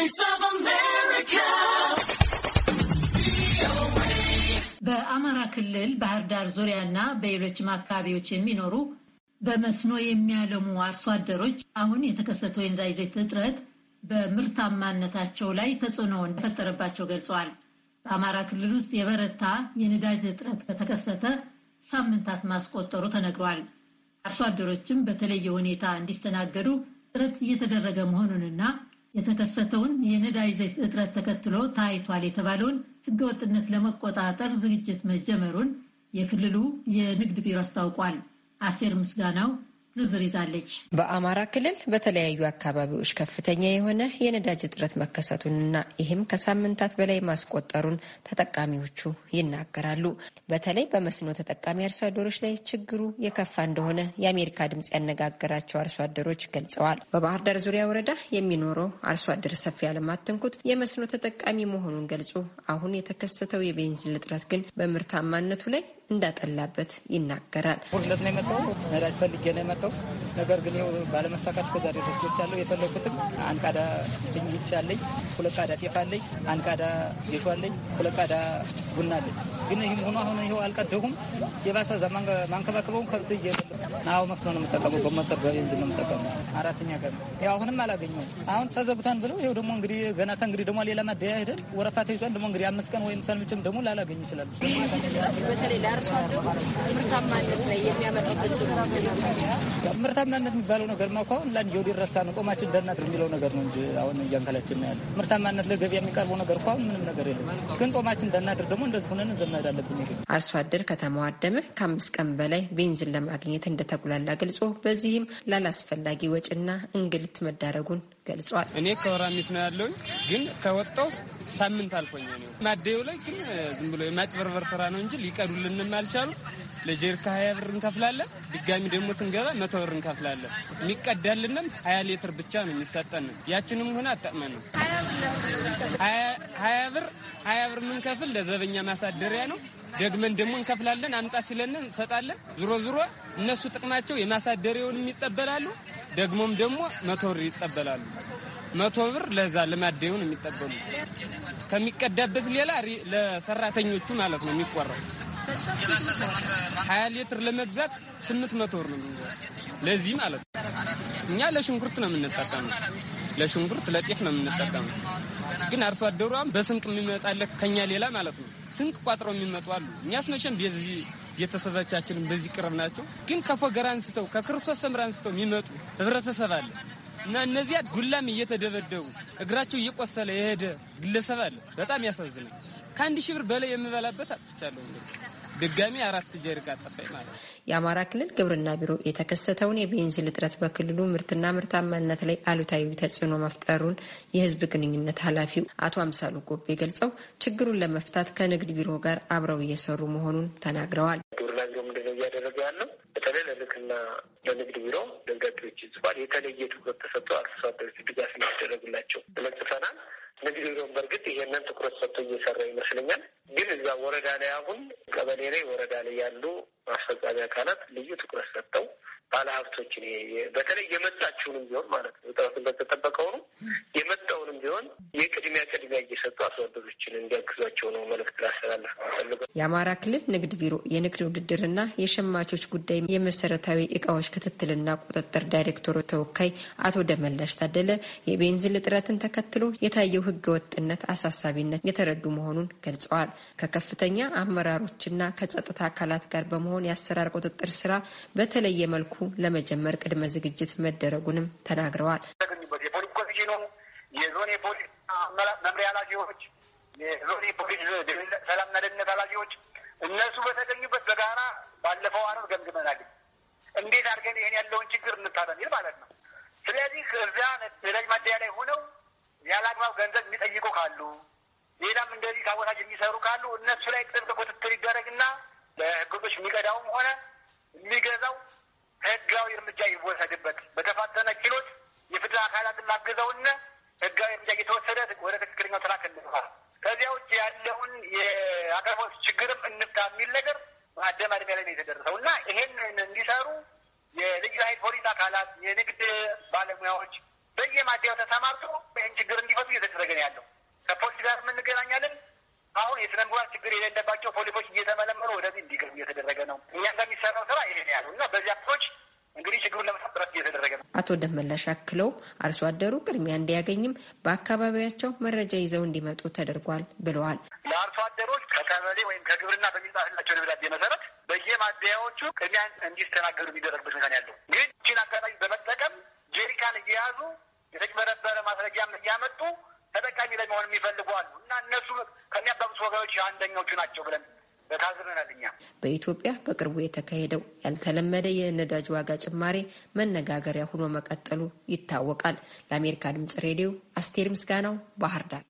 Voice of America. በአማራ ክልል ባህር ዳር ዙሪያና በሌሎችም አካባቢዎች የሚኖሩ በመስኖ የሚያለሙ አርሶ አደሮች አሁን የተከሰተው የነዳጅ ዘይት እጥረት በምርታማነታቸው ላይ ተጽዕኖ እንደፈጠረባቸው ገልጸዋል። በአማራ ክልል ውስጥ የበረታ የነዳጅ እጥረት ከተከሰተ ሳምንታት ማስቆጠሩ ተነግሯል። አርሶ አደሮችም በተለየ ሁኔታ እንዲስተናገዱ ጥረት እየተደረገ መሆኑንና የተከሰተውን የነዳጅ ዘይት እጥረት ተከትሎ ታይቷል የተባለውን ህገወጥነት ለመቆጣጠር ዝግጅት መጀመሩን የክልሉ የንግድ ቢሮ አስታውቋል። አስቴር ምስጋናው ዝርዝር ይዛለች። በአማራ ክልል በተለያዩ አካባቢዎች ከፍተኛ የሆነ የነዳጅ እጥረት መከሰቱንና ይህም ከሳምንታት በላይ ማስቆጠሩን ተጠቃሚዎቹ ይናገራሉ። በተለይ በመስኖ ተጠቃሚ አርሶ አደሮች ላይ ችግሩ የከፋ እንደሆነ የአሜሪካ ድምፅ ያነጋገራቸው አርሶ አደሮች ገልጸዋል። በባህር ዳር ዙሪያ ወረዳ የሚኖረው አርሶ አደር ሰፊ ያለማትንኩት የመስኖ ተጠቃሚ መሆኑን ገልጾ አሁን የተከሰተው የቤንዚን እጥረት ግን በምርታማነቱ ላይ እንዳጠላበት ይናገራል። ሁለት ነው የመጣው ነዳጅ ፈልጌ ነው የመጣው። ነገር ግን ይኸው ባለመሳካት እስከዛ ድረስ ጎቻለሁ። የፈለኩትም አንድ ቃዳ ድንች አለኝ፣ ሁለት ቃዳ ጤፍ አለኝ፣ አንድ ቃዳ ጌሾ አለኝ፣ ሁለት ቃዳ ቡና አለኝ። ግን ይህም ሆኖ አሁን ይኸው አልቀደሁም። የባሰ ማንከባከበውን ከብት እየበለ አዎ መስሎ ነው የምጠቀመው። በሞተር በቤንዚን ነው የምጠቀመው። አራተኛ ቀን ያው አሁንም አላገኘሁም። አሁን ተዘግቷን ብለው ይኸው ደግሞ እንግዲህ ገና ተንግዲህ ደግሞ ሌላ ማደያ ሄደን ወረፋ ተይዟን ደግሞ እንግዲህ አምስት ቀን ወይም ሰልምጭም ደግሞ ላላገኝ ይችላል። በተለይ ለአርሶ አደሩ ምርታማነት የሚባለው ነገር ነው አሁን ላን የወዲህ ረሳ ነው ቆማችን እንዳናድር የሚለው ነገር ነው እንጂ አሁን እያንከላችን ያለ ምርታማነት ለገበያ የሚቀርበው ነገር እኮ አሁን ምንም ነገር የለም። ግን ጾማችን እንዳናድር ደግሞ እንደዚህ ሆነን ዘመድ አለብን። አርሶ አደር ከተማዋ አደመ ከአምስት ቀን በላይ ቤንዚን ለማግኘት እንደ እንደተጉላላ ገልጾ በዚህም ላላስፈላጊ ወጪና እንግልት መዳረጉን ገልጿል። እኔ ከወራሚት ነው ያለውኝ፣ ግን ከወጣው ሳምንት አልፎኝ ነው። ማደዩ ላይ ግን ዝም ብሎ የማጭበርበር ስራ ነው እንጂ ሊቀዱልንም አልቻሉ። ለጀሪካ ሀያ ብር እንከፍላለን። ድጋሚ ደግሞ ስንገባ መቶ ብር እንከፍላለን። የሚቀዳልንም ሀያ ሌትር ብቻ ነው የሚሰጠንም። ያችንም ሆነ አጠቅመን ነው ሀያ ብር ሀያ ብር የምንከፍል ለዘበኛ ማሳደሪያ ነው። ደግመን ደግሞ እንከፍላለን። አምጣ ሲለን እንሰጣለን። ዞሮ ዞሮ እነሱ ጥቅማቸው የማሳደሪያውንም ይጠበላሉ፣ ደግሞም ደግሞ መቶ ብር ይጠበላሉ። መቶ ብር ለዛ ለማደዩን የሚጠበሉ ከሚቀዳበት ሌላ ለሰራተኞቹ ማለት ነው የሚቆረው ሀያ ሊትር ለመግዛት ስምንት መቶ ብር ነው ለዚህ ማለት ነው። እኛ ለሽንኩርት ነው የምንጠቀመው፣ ለሽንኩርት ለጤፍ ነው የምንጠቀመው። ግን አርሶ አደሯም በስንቅ የሚመጣለት ከኛ ሌላ ማለት ነው። ስንቅ ቋጥረው የሚመጡ አሉ። እኛስ መቼም በዚህ ቤተሰቦቻችንም በዚህ ቅርብ ናቸው። ግን ከፎገራ አንስተው ከክርስቶስ ሰምራ አንስተው የሚመጡ ህብረተሰብ አለ እና እነዚያ ዱላም እየተደበደቡ እግራቸው እየቆሰለ የሄደ ግለሰብ አለ። በጣም ያሳዝናል። ከአንድ ሺህ ብር በላይ የምበላበት አጥፍቻለሁ። ድጋሚ አራት ጀሪካ ጠፋኝ ማለት ነው። የአማራ ክልል ግብርና ቢሮ የተከሰተውን የቤንዚን እጥረት በክልሉ ምርትና ምርታማነት ላይ አሉታዊ ተጽዕኖ መፍጠሩን የህዝብ ግንኙነት ኃላፊው አቶ አምሳሉ ጎቤ ገልጸው ችግሩን ለመፍታት ከንግድ ቢሮ ጋር አብረው እየሰሩ መሆኑን ተናግረዋል። ግብርና ቢሮ ምንድነው እያደረገ ያለው? በተለይ ለልክና ለንግድ ቢሮ ደብዳቤዎች ይጽፋል። የተለየ ትኩረት ተሰጥቶ አርሶ አደሮች ድጋፍ እንዲደረግላቸው ለጽፈናል። ንግድ ቢሮን በእርግጥ ይሄንን ትኩረት ሰጥቶ እየሰራ ይመስለኛል። ግን እዛ ወረዳ ላይ አሁን ቀበሌ ላይ ወረዳ ላይ ያሉ አስፈጻሚ አካላት ልዩ ትኩረት ሰጥተው ባለሀብቶችን በተለይ የመጣችውንም ቢሆን ማለት ነው ጥረት እንደተጠበቀው ነው የመጣውንም ቢሆን የቅድሚያ ቅድሚያ እየሰጡ አስወደዶችን እንዲያግዟቸው ነው መልዕክት ላስተላለፍ ፈልገ የአማራ ክልል ንግድ ቢሮ የንግድ ውድድርና የሸማቾች ጉዳይ የመሰረታዊ እቃዎች ክትትልና ቁጥጥር ዳይሬክተሩ ተወካይ አቶ ደመላሽ ታደለ የቤንዚን እጥረትን ተከትሎ የታየው ህገወጥነት አሳሳቢነት የተረዱ መሆኑን ገልጸዋል። ከከፍተኛ አመራሮችና ከጸጥታ አካላት ጋር በመሆን የአሰራር ቁጥጥር ስራ በተለየ መልኩ ለመጀመር ቅድመ ዝግጅት መደረጉንም ተናግረዋል። የፖሊስ ኮሚሽኑ፣ የዞን የፖሊስ መምሪያ ኃላፊዎች፣ የዞን የፖሊስ ሰላምና ደህንነት ኃላፊዎች እነሱ በተገኙበት በጋራ ባለፈው አረብ ገምግመናል። እንዴት አድርገን ይሄን ያለውን ችግር እንታረሚል ማለት ነው። ስለዚህ እዚያ ነዳጅ ማደያ ላይ ሆነው ያለ አግባብ ገንዘብ የሚጠይቁ ካሉ ሌላም እንደዚህ ታቦታጅ የሚሰሩ ካሉ እነሱ ላይ ጥብቅ ቁጥጥር ይደረግና ለህጎቶች የሚቀዳውም ሆነ የሚገዛው ህጋዊ እርምጃ ይወሰድበት። በተፋጠነ ችሎት የፍትህ አካላትን ማግዘውና ህጋዊ እርምጃ እየተወሰደ ወደ ትክክለኛው ስራ ክንልፋል። ከዚያ ውጭ ያለውን የአቅርቦት ችግርም እንፍታ የሚል ነገር አደም አድሜ ላይ ነው የተደረሰው እና ይሄን እንዲሰሩ የልዩ ኃይል ፖሊስ አካላት፣ የንግድ ባለሙያዎች በየማደያው ተሰማርቶ ይህን ችግር እንዲፈቱ እየተደረገ ነው ያለው። ከፖሊስ ጋር የምንገናኛለን አሁን የስነ ምግባር ችግር የሌለባቸው ፖሊሶች እየተመለመሉ ወደዚህ እንዲገቡ እየተደረገ ነው። እኛ ከሚሰራው ስራ ይሄ ነው ያሉ እና በዚህ አፕሮች እንግዲህ ችግሩን ለመሳት ጥረት እየተደረገ ነው። አቶ ደመላሽ አክለው አርሶ አደሩ ቅድሚያ እንዲያገኝም በአካባቢያቸው መረጃ ይዘው እንዲመጡ ተደርጓል ብለዋል። ለአርሶ አደሮች ከቀበሌ ወይም ከግብርና በሚጻፍላቸው ደብዳቤ መሰረት በየማደያዎቹ ቅድሚያ እንዲስተናገዱ የሚደረግበት ሁኔታ ያለው ግን ቺን አካባቢ በመጠቀም ጄሪካን እየያዙ የተጭበረበረ ማስረጃም እያመጡ ተጠቃሚ ለመሆን የሚፈልጉ አሉ እና እነሱ አንደኛዎቹ ናቸው ብለን በኢትዮጵያ በቅርቡ የተካሄደው ያልተለመደ የነዳጅ ዋጋ ጭማሬ መነጋገሪያ ሆኖ መቀጠሉ ይታወቃል። ለአሜሪካ ድምጽ ሬዲዮ አስቴር ምስጋናው ባህር ዳር